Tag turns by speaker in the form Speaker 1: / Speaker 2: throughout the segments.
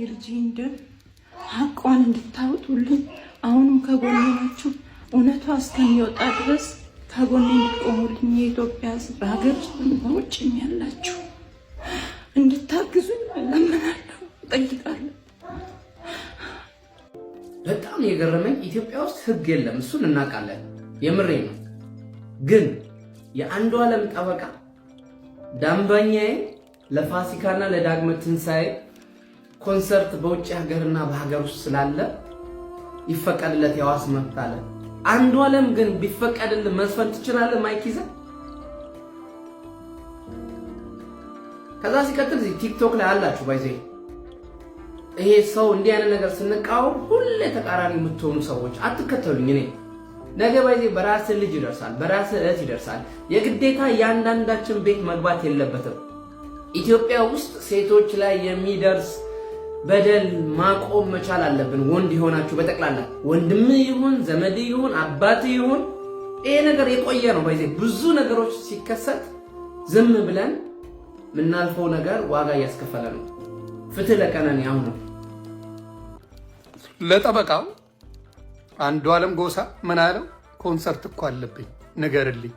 Speaker 1: የልጄ እንደም ሀቋን እንድታወጡልኝ አሁንም ከጎኔ ናችሁ። እውነቷ እስከሚወጣ ድረስ ከጎኔ እንድትቆሙልኝ የኢትዮጵያ ሕዝብ በሀገር ውስጥ በውጭ ያላችሁ እንድታግዙኝ እለምናለሁ፣ እጠይቃለሁ።
Speaker 2: በጣም የገረመኝ ኢትዮጵያ ውስጥ ሕግ የለም፣ እሱን እናውቃለን። የምሬ ነው። ግን የአንዱ ዓለም ጠበቃ ዳምበኛዬ ለፋሲካና ለዳግመ ትንሣኤ ኮንሰርት በውጭ ሀገርና በሀገር ውስጥ ስላለ ይፈቀድለት የዋስ መብት አለ። አንዱ ዓለም ግን ቢፈቀድል መዝፈን ትችላለህ ማይክ ይዘህ። ከዛ ሲቀጥል ቲክቶክ ላይ አላችሁ ባይዘ ይሄ ሰው እንዲህ አይነት ነገር ስንቃወም ሁሌ ተቃራኒ የምትሆኑ ሰዎች አትከተሉኝ። እኔ ነገ ባይዜ በራስ ልጅ ይደርሳል፣ በራስ እህት ይደርሳል። የግዴታ የአንዳንዳችን ቤት መግባት የለበትም። ኢትዮጵያ ውስጥ ሴቶች ላይ የሚደርስ በደል ማቆም መቻል አለብን። ወንድ የሆናችሁ በጠቅላላ ወንድም ይሁን ዘመድ ይሁን አባት ይሁን ይሄ ነገር የቆየ ነው። ባይዜ ብዙ ነገሮች ሲከሰት ዝም ብለን የምናልፈው ነገር ዋጋ እያስከፈለ ነው። ፍትህ ለቀነኒ አሁን ነው። ለጠበቃው አንዱ አለም ጎሳ ምን አለው? ኮንሰርት እኮ አለብኝ ንገርልኝ።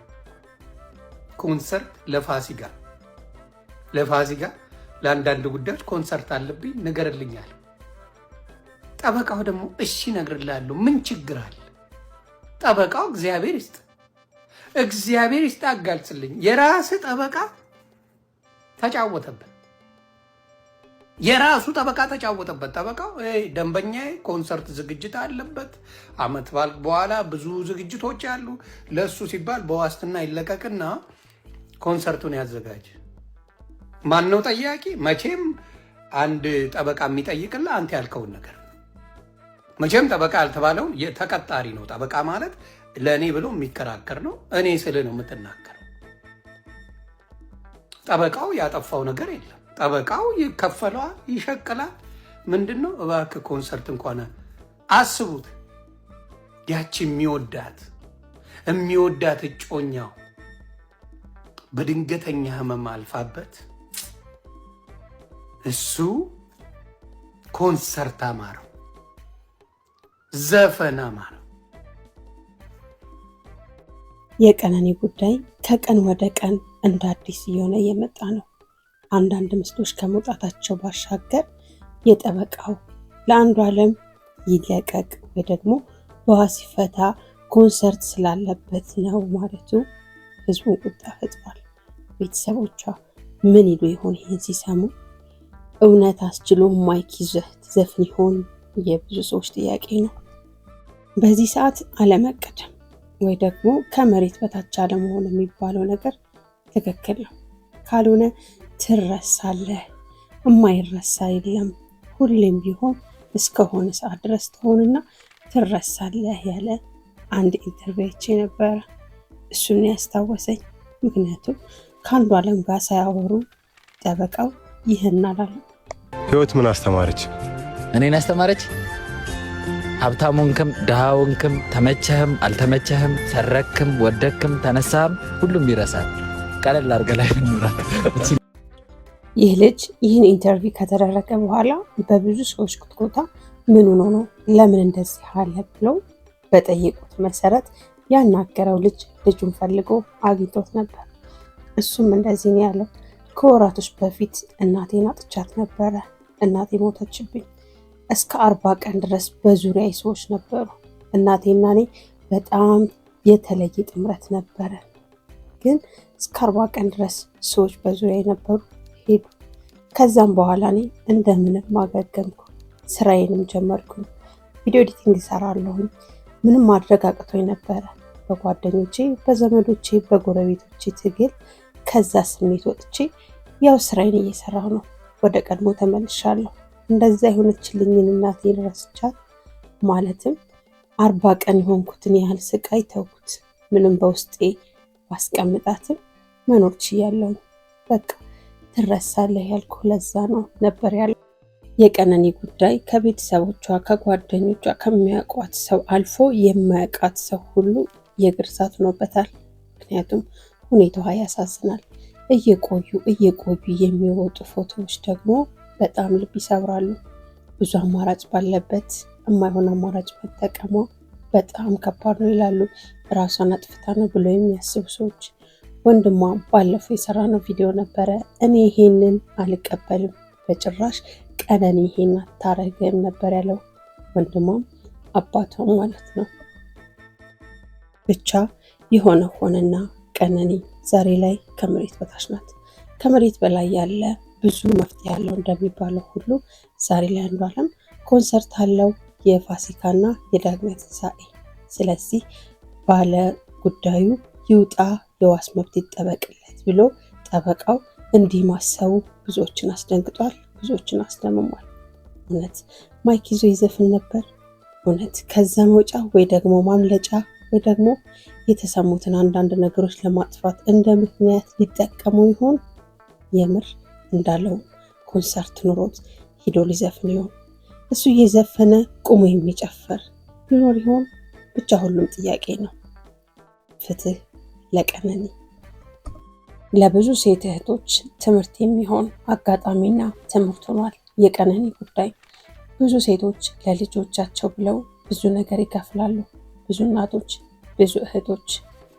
Speaker 2: ኮንሰርት ለፋሲካ ለፋሲካ ለአንዳንድ ጉዳዮች ኮንሰርት አለብኝ ንገርልኛል። ጠበቃው ደግሞ እሺ እነግርልሃለሁ፣ ምን ችግር አለ? ጠበቃው እግዚአብሔር ይስጥ፣ እግዚአብሔር ይስጥ፣ አጋልጽልኝ። የራስ ጠበቃ ተጫወተበት፣ የራሱ ጠበቃ ተጫወተበት። ጠበቃው ደንበኛ ኮንሰርት ዝግጅት አለበት፣ አመት በዓል በኋላ ብዙ ዝግጅቶች አሉ፣ ለእሱ ሲባል በዋስትና ይለቀቅና ኮንሰርቱን ያዘጋጅ ማን ነው ጠያቂ? መቼም አንድ ጠበቃ የሚጠይቅልህ አንተ ያልከውን ነገር መቼም ጠበቃ ያልተባለውን ተቀጣሪ ነው። ጠበቃ ማለት ለእኔ ብሎ የሚከራከር ነው። እኔ ስል ነው የምትናገረው። ጠበቃው ያጠፋው ነገር የለም። ጠበቃው ይከፈለዋል፣ ይሸቅላል። ምንድን ነው እባክህ ኮንሰርት እንኳን አስቡት። ያቺ የሚወዳት የሚወዳት እጮኛው በድንገተኛ ህመም አልፋበት እሱ ኮንሰርት አማረው፣ ዘፈን አማረው።
Speaker 1: የቀነኒ ጉዳይ ከቀን ወደ ቀን እንደ አዲስ እየሆነ እየመጣ ነው። አንዳንድ ምስሎች ከመውጣታቸው ባሻገር የጠበቃው ለአንዱ ዓለም ይለቀቅ ወይ ደግሞ በዋስ ሲፈታ ኮንሰርት ስላለበት ነው ማለቱ ህዝቡን ቁጣ ፈጥሯል። ቤተሰቦቿ ምን ይሉ ይሆን ይህን ሲሰሙ? እውነት አስችሎ ማይክ ይዘህ ትዘፍን ይሆን የብዙ ሰዎች ጥያቄ ነው። በዚህ ሰዓት አለመቀድ ወይ ደግሞ ከመሬት በታች አለመሆን የሚባለው ነገር ትክክል ነው። ካልሆነ ትረሳለህ። የማይረሳ የለም። ሁሌም ቢሆን እስከሆነ ሰዓት ድረስ ትሆንና ትረሳለህ ያለ አንድ ኢንተርቪዎች ነበረ። እሱን ያስታወሰኝ። ምክንያቱም ከአንዱ አለም ጋር ሳያወሩ ጠበቃው ይህን አላለም።
Speaker 3: ህይወት ምን አስተማረች? እኔን አስተማረች። ሀብታሙንክም ድሃውንክም ተመቸህም አልተመቸህም ሰረክም ወደክም ተነሳህም ሁሉም ይረሳል። ቀለል አድርገ ላይ
Speaker 1: ይህ ልጅ ይህን ኢንተርቪው ከተደረገ በኋላ በብዙ ሰዎች ጉትጎታ ምን ሆኖ ነው ለምን እንደዚህ አለ ብለው በጠየቁት መሰረት ያናገረው ልጅ ልጁን ፈልጎ አግኝቶት ነበር። እሱም እንደዚህ ነው ያለው ከወራቶች በፊት እናቴን አጥቻት ነበረ። እናቴ ሞተችብኝ። እስከ አርባ ቀን ድረስ በዙሪያ ሰዎች ነበሩ። እናቴና እኔ በጣም የተለየ ጥምረት ነበረ። ግን እስከ አርባ ቀን ድረስ ሰዎች በዙሪያ ነበሩ፣ ሄዱ። ከዛም በኋላ እኔ እንደምንም ማገገምኩ፣ ስራዬንም ጀመርኩ። ቪዲዮ ኤዲቲንግ እሰራለሁኝ። ምንም ማድረግ አቅቶኝ ነበረ። በጓደኞቼ፣ በዘመዶቼ፣ በጎረቤቶቼ ትግል ከዛ ስሜት ወጥቼ ያው ስራዬን እየሰራሁ ነው፣ ወደ ቀድሞ ተመልሻለሁ። እንደዛ የሆነችልኝን እናቴን ረስቻት ማለትም አርባ ቀን የሆንኩትን ያህል ስቃይ ተውኩት። ምንም በውስጤ ማስቀምጣትም መኖር ችያለሁኝ። በቃ ትረሳለህ ያልኩ ለዛ ነው ነበር ያለ የቀነኒ ጉዳይ ከቤተሰቦቿ፣ ከጓደኞቿ፣ ከሚያውቋት ሰው አልፎ የማያውቃት ሰው ሁሉ የግርሳት ሆኖበታል። ምክንያቱም ሁኔታዋ ያሳዝናል። እየቆዩ እየቆዩ የሚወጡ ፎቶዎች ደግሞ በጣም ልብ ይሰብራሉ። ብዙ አማራጭ ባለበት የማይሆን አማራጭ መጠቀሟ በጣም ከባድ ነው ይላሉ ራሷን አጥፍታ ነው ብሎ የሚያስቡ ሰዎች። ወንድሟ ባለፈው የሰራ ነው ቪዲዮ ነበረ። እኔ ይሄንን አልቀበልም በጭራሽ ቀነኒ ይሄን አታረግም ነበር ያለው ወንድሟም አባቷም ማለት ነው። ብቻ የሆነ ሆነና ቀነኒ ዛሬ ላይ ከመሬት በታች ናት። ከመሬት በላይ ያለ ብዙ መፍትሄ ያለው እንደሚባለው ሁሉ ዛሬ ላይ አንዷለም ኮንሰርት አለው የፋሲካና የዳግመ ትንሣኤ። ስለዚህ ባለ ጉዳዩ ይውጣ፣ የዋስ መብት ይጠበቅለት ብሎ ጠበቃው እንዲህ ማሰቡ ብዙዎችን አስደንግጧል፣ ብዙዎችን አስደምሟል። እውነት ማይክ ይዞ ይዘፍን ነበር? እውነት ከዛ መውጫ ወይ ደግሞ ማምለጫ ወይ ደግሞ የተሰሙትን አንዳንድ ነገሮች ለማጥፋት እንደ ምክንያት ሊጠቀሙ ይሆን? የምር እንዳለው ኮንሰርት ኑሮት ሂዶ ሊዘፍን ይሆን? እሱ እየዘፈነ ቁሞ የሚጨፍር ሊኖር ይሆን? ብቻ ሁሉም ጥያቄ ነው። ፍትህ ለቀነኒ ለብዙ ሴት እህቶች ትምህርት የሚሆን አጋጣሚና ትምህርት ሆኗል። የቀነኒ ጉዳይ ብዙ ሴቶች ለልጆቻቸው ብለው ብዙ ነገር ይከፍላሉ። ብዙ እናቶች፣ ብዙ እህቶች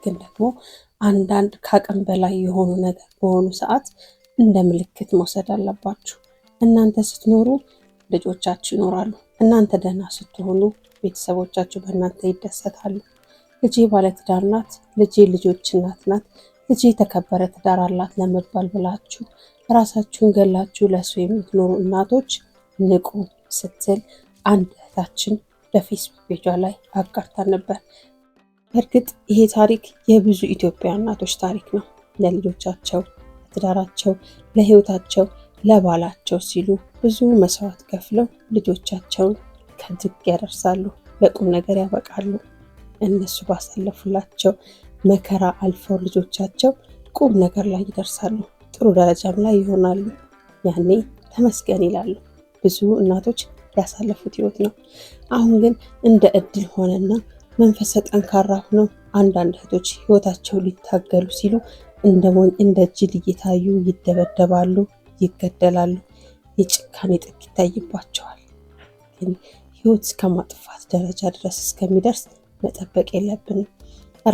Speaker 1: ግን ደግሞ አንዳንድ ከአቅም በላይ የሆኑ ነገር በሆኑ ሰዓት እንደ ምልክት መውሰድ አለባችሁ። እናንተ ስትኖሩ ልጆቻችሁ ይኖራሉ። እናንተ ደህና ስትሆኑ ቤተሰቦቻችሁ በእናንተ ይደሰታሉ። ልጄ ባለትዳር ናት፣ ልጄ ልጆች እናት ናት፣ ልጄ የተከበረ ትዳር አላት ለመባል ብላችሁ ራሳችሁን ገላችሁ ለሱ የምትኖሩ እናቶች ንቁ ስትል አንድ እህታችን በፌስቡክ ቤጇ ላይ አጋርታ ነበር። በእርግጥ ይሄ ታሪክ የብዙ ኢትዮጵያ እናቶች ታሪክ ነው። ለልጆቻቸው፣ ለትዳራቸው፣ ለህይወታቸው ለባላቸው ሲሉ ብዙ መስዋዕት ከፍለው ልጆቻቸውን ከጥግ ያደርሳሉ፣ ለቁም ነገር ያበቃሉ። እነሱ ባሳለፉላቸው መከራ አልፈው ልጆቻቸው ቁም ነገር ላይ ይደርሳሉ፣ ጥሩ ደረጃም ላይ ይሆናሉ። ያኔ ተመስገን ይላሉ ብዙ እናቶች። ያሳለፉት ህይወት ነው። አሁን ግን እንደ እድል ሆነና መንፈሰ ጠንካራ ሆኖ አንዳንድ እህቶች ህይወታቸው ሊታገሉ ሲሉ እንደ ሞኝ እንደ ጅል እየታዩ ይደበደባሉ፣ ይገደላሉ፣ የጭካኔ ጥግ ይታይባቸዋል። ግን ህይወት እስከ ማጥፋት ደረጃ ድረስ እስከሚደርስ መጠበቅ የለብንም።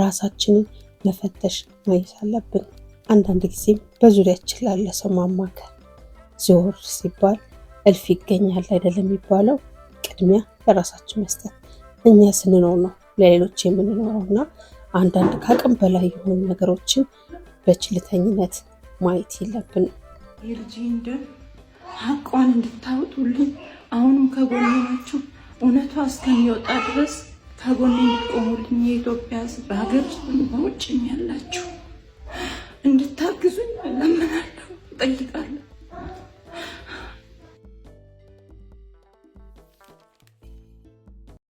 Speaker 1: ራሳችንን መፈተሽ ማየት አለብን። አንዳንድ ጊዜም በዙሪያችን ላለ ሰው ማማከር ዞር ሲባል እልፍ ይገኛል አይደለም የሚባለው። ቅድሚያ ለራሳችን መስጠት እኛ ስንኖር ነው ለሌሎች የምንኖረው እና አንዳንድ ከአቅም በላይ የሆኑ ነገሮችን በችልተኝነት ማየት የለብን። የልጅ ደም ሀቋን እንድታወጡልኝ አሁንም ከጎን ናችሁ። እውነቷ እስከሚወጣ ድረስ ከጎኔ እንድቆሙልኝ የኢትዮጵያ ሕዝብ በሀገር ውስጥ በውጭም ያላችሁ እንድታግዙኝ እለምናለሁ፣ እጠይቃለሁ።